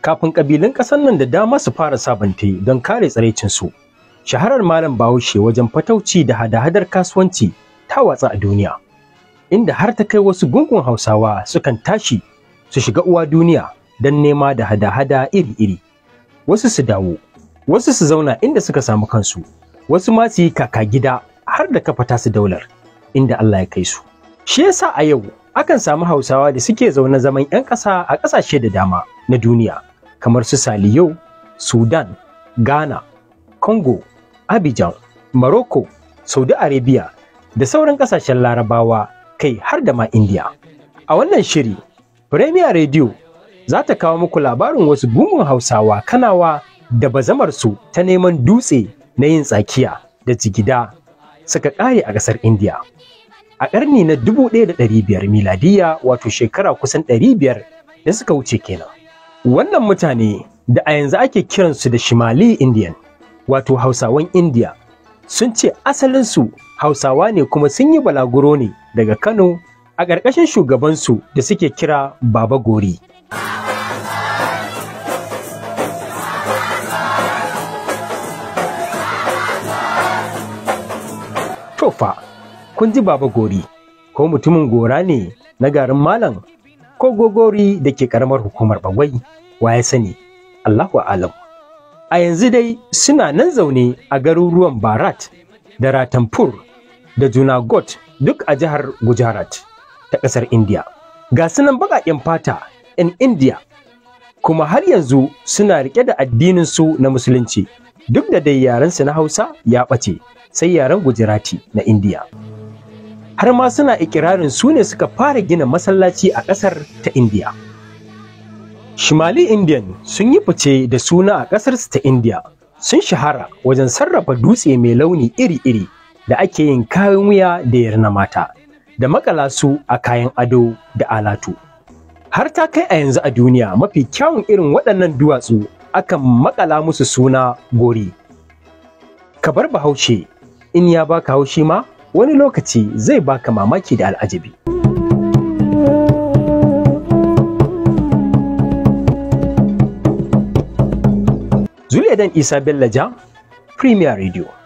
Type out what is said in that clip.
Kafin ƙabilun ƙasar nan da dama su fara sabanta don kare su shaharar Malam Bahaushe wajen fatauci da hada-hadar kasuwanci ta watsa a duniya, inda har ta kai wasu gungun Hausawa sukan tashi su shiga uwa duniya don nema da hada-hada iri-iri. Wasu su dawo, wasu su zauna inda suka samu kansu, wasu ma su yi kaka gida har da kafa tasu daular, inda Allah ya kai su. Shi yasa a yau akan samu hausawa da suke zaune zaman 'yan ƙasa a ƙasashe da dama na duniya kamar su saliyo sudan ghana congo abidjan morocco saudi arabia da sauran ƙasashen larabawa kai har da ma india a wannan shiri premier radio za ta kawo muku labarin wasu gungun hausawa kanawa da bazamarsu ta neman dutse na yin tsakiya da jigida suka ƙare a ƙasar india a ƙarni na dubu ɗaya da ɗari biyar miladiya wato shekara kusan ɗari biyar da suka wuce kenan. Wannan mutane da a yanzu ake kiransu da Shimali Indian wato Hausawan Indiya, sun ce asalinsu Hausawa ne kuma sun yi balaguro ne daga Kano a ƙarƙashin shugabansu da suke kira Baba Gori. Tofa kun ji baba gori ko mutumin gora ne na garin malam ko gogori da ke karamar hukumar bagwai wa ya sani allahu alam a yanzu dai suna nan zaune a garuruwan barat da ratanpur da junagot duk a jihar gujarat ta ƙasar india ga sunan baƙaƙen fata 'yan india kuma har yanzu suna riƙe da addininsu na musulunci duk da dai yarensu na hausa ya ɓace sai yaren gujarati na indiya har ma suna ikirarin su ne suka fara gina masallaci a ƙasar ta indiya shimali indian sun yi fice da suna a ƙasar ta indiya sun shahara wajen sarrafa dutse mai launi iri-iri da ake yin kayan wuya da yarna mata da makala su a kayan ado da alatu har ta kai a yanzu a duniya mafi kyawun irin waɗannan duwatsu akan makala musu suna gori Ka bar bahaushe in ya baka haushi ma wani lokaci zai baka mamaki da al'ajabi. Zuliya Dan Isa Bellaja, Premier Radio.